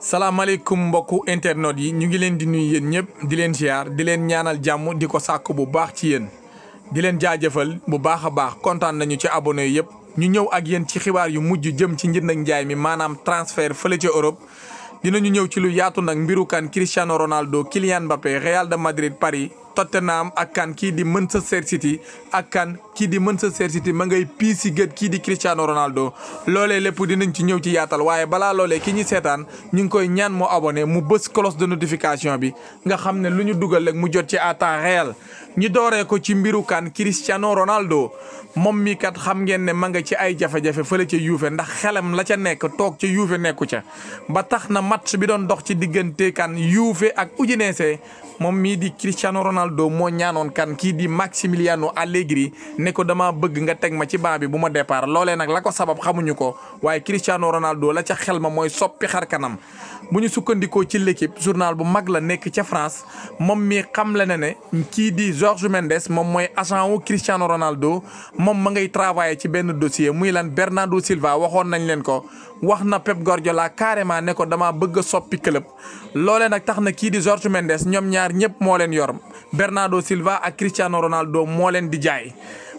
salaamaaleykum mbokku internet yi ñu ngi leen di nuyu yéen ñëpp di leen giar di leen ñaanal jàmm di ko sàkk bu baax ci yéen di leen jaajëfal bu baax a baax kontaan nañu ci abonné yi yëpp ñu ñëw ak yéen ci xibaar yu mujj jëm ci njënd ak njaay mi maanaam transfert fële ci Europe dinañu ñëw ci lu yaatu nag mbiru kan Cristiano Ronaldo Kylian Mbappé Real de Madrid Paris Tottenham ak kan kii di Manchester City ak kan kii di Manchester City ma ngay pii si gët kii di Cristiano Ronaldo loolee lépp dinañ ci ñëw ci yaatal waaye balaa loolee ki ñu seetaan ñu ngi koy ñaan mu abonné mu bës cloche de notification bi nga xam ne lu ñu dugal rek mu jot ci à temps réel ñu dooree ko ci mbiru kan Cristiano Ronaldo moom mii kat xam ngeen ne ma nga ci ay jafe-jafe fële ca Juve ndax xelam la ca nekk toog ca Juve nekku ca ba tax na match bi doon dox ci diggante kan Juve ak Udinese Ronaldo moo ñaanoon kan kii di Maximiliano Allegri ne ko dama bëgg nga teg ma ci banc bi bu ma départ loolee nag la ko sabab xamuñu ko waaye Cristiano Ronaldo la ca xel ma mooy soppi xar kanam bu ñu sukkandikoo ci l'équipe journal bu mag la nekk ca France moom mi xam la ne ne kii di Georges Mendes moom mooy agent wu Cristiano Ronaldo moom ma ngay travailler ci benn dossier muy lan Bernardo Silva waxoon nañ leen ko wax na Pep laa carrément ne ko dama bëgg a soppi club loolee nag tax na kii di Georges Mendes ñoom ñaar ñëpp moo leen yor Bernardo Silva ak Cristiano Ronaldo moo leen di jaay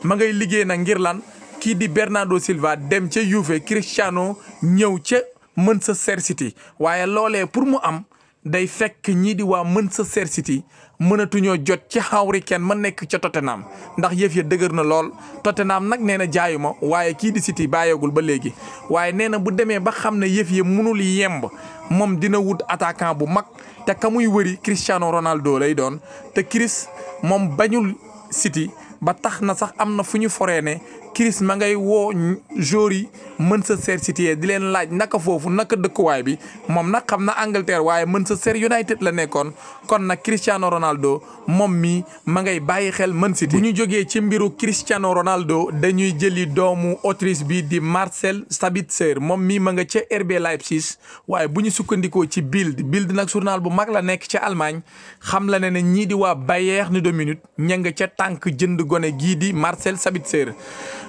ma ngay liggéey na ngir lan kii di Bernardo Silva dem ca Juve Cristiano ñëw ca Manchester City waaye loolee pour mu am day fekk ñii di waa Manchester City mënatuñoo jot ci Harry Kane ma nekk ca Tottenham ndax yëf ya dëgër na lool Tottenham nag nee na jaayu ma waaye kii di City bàyyeegul ba léegi waaye nee na bu demee ba xam ne yëf ya mënul yemb moom dina wut attaquant bu mag. te ka muy wëri Cristiano Ronaldo lay doon te Chris moom bañul siti ba tax na sax am na fu ñu foree ne Chris ma ngay woo joueurs yi Manchester City di leen laaj naka foofu naka dëkkuwaay bi moom nag xam na Angleterre waaye mën sa Manchester United la nekkoon kon nag Cristiano Ronaldo moom mii ma ngay bàyyi xel mën City. bu ñu jógee ci mbiru Cristiano Ronaldo dañuy jëli doomu autrice bi di Marcel Sabitzer moom mii ma nga ca RB Leipzig waaye bu ñu sukkandikoo ci Bild Bild nag journal bu mag la nekk ca Allemagne xam la ne ne ñii di waa Bayern Munich ña nga ca tànk jënd gone gii di Marcel Sabitzer.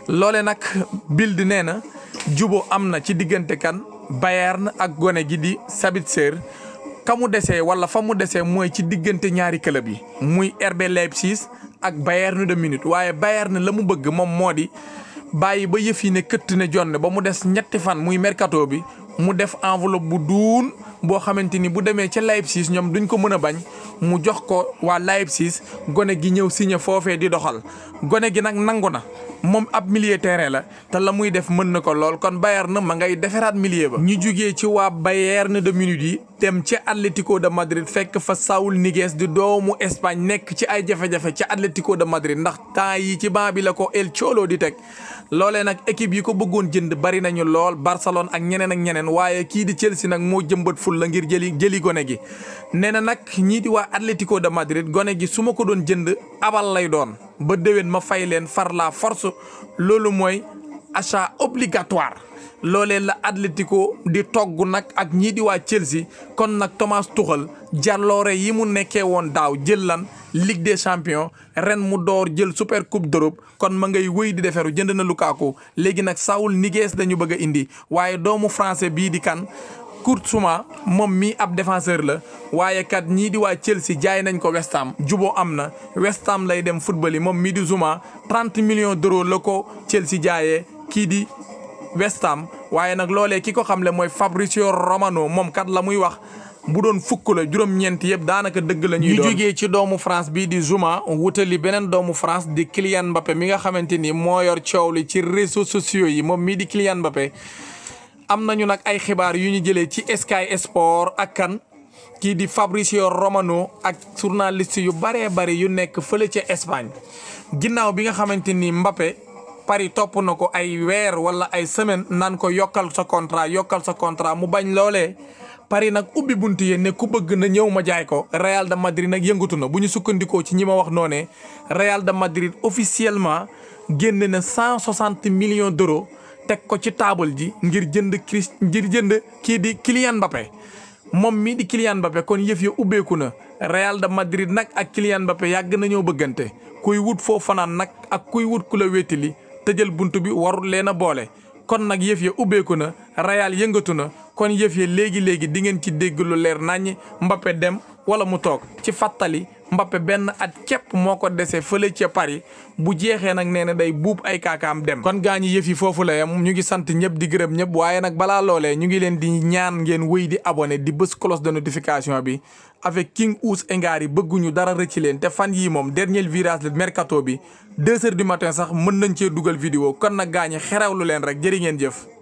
loole nag Bild nee na jubo am na ci diggante kan Bayern ak gone gi di Sabitzer ka mu desee wala fa mu desee mooy ci diggante ñaari club yi muy RB Leipzig ak Bayern de Munich waaye Bayern la mu bëgg moom moo di bàyyi ba yëf ne këtt ne jonne ba mu des ñetti fan muy mercato bi mu def enveloppe bu duun boo xamante ni bu demee ca Leipzig ñoom duñ ko mën a bañ mu jox ko waa Leipzig gone gi ñëw signé foofee di doxal gone gi nag nangu na moom ab milieu terrain la te la muy def mën na ko lool kon Bayern ma ngay deferaat milieu ba. ñu jógee ci waa Bayern de Munich yi dem ca Atlético de Madrid fekk fa Saúl Ñíguez di doomu Espagne nekk ci ay jafe-jafe ca Atlético de Madrid ndax temps yi ci banc bi la ko El Cholo di teg. loole nag équipe yi ko bëggoon jënd bari nañu lool Barcelone ak ñeneen ak ñeneen waaye kii di Chelsea nag moo jëmbat ful la ngir jëli jëli gone gi nee na nag ñii di waa Atlético de Madrid gone gi su ma ko doon jënd abal lay doon. ba déwén ma fay leen far la force loolu mooy achat obligatoire loolee la Atlético di togg nag ak ñii di waa Chelsea kon nag Thomas Tuchel jàlloore yi mu nekkee woon daaw jël lan Ligue des champions ren mu door jël super coupe kon ma ngay wëy di deferu jënd na lukaaku léegi nag sawul Niguez dañu bëgg a indi waaye doomu français bii di kan Kurtzuma moom mii ab defanseur la waaye kat ñii di waa Chelsea jaay nañ ko West jubo am na West lay dem football yi moom mii di Zuma trente million d'euros la ko Chelsea jaayee kii di West waaye nag loole ki ko xamle mooy Fabrizio Romano moom kat la muy wax. bu doon fukk la juróom-ñeent yëpp daanaka dëgg la doon ñu jógee ci doomu France bii di Zuma wutali beneen doomu France di Kylian Mbappé mi nga xamante ni moo yor coow li ci réseau sociaux yi moom mii di Kylian Mbappé. am nañu nag ay xibaar yu ñu jëlee ci Sky Sport ak kan kii di Fabrizio Romano ak journaliste yu baree bari yu nekk fële ci Espagne ginnaaw bi nga xamante ni Mbappé Paris topp na ko ay weer wala ay semaine nan ko yokkal sa contrat yokkal sa contrat mu bañ loolee Paris nag ubbi bunt yi ne ku bëgg na ñëw ma jaay ko Real de Madrid nag yëngatu na bu ñu sukkandikoo ci ñi ma wax noone Real de Madrid officiellement génn na cent soixante millions d'euros teg ko ci taabal ji ngir jënd Chris ngir jënd kii di Kylian Mbappé moom mii di Kylian Mbappé kon yëf ya ubbeeku na Real de Madrid nag ak Kylian Mbappé yàgg nañoo bëggante kuy wut foo fanaan nag ak kuy wut ku la wétali tëjal bunt bi warul leen a boole kon nag yëf ya ubbeeku na Real yëngatu na kon yëf ya léegi léegi di ngeen ci dégg lu leer naññ Mbappé dem. wala mu toog ci fàttali mbappe benn at cepp moo ko dese fële ca Paris bu jeexee nag nee na day buub ay kaakaam dem. kon gaa ñi yëf yi foofu la yam ñu ngi sant ñëpp di gërëm ñëpp waaye nag balaa loolee ñu ngi leen di ñaan ngeen wéy di abonné di bës cloche de notification bi avec King Ouse Ngary bëgguñu dara rëcc leen te fan yii moom dernier virage le mercato bi deux heures du matin sax mën nañ cee dugal vidéo kon na gaa ñi xerewlu leen rek jëri ngeen jëf.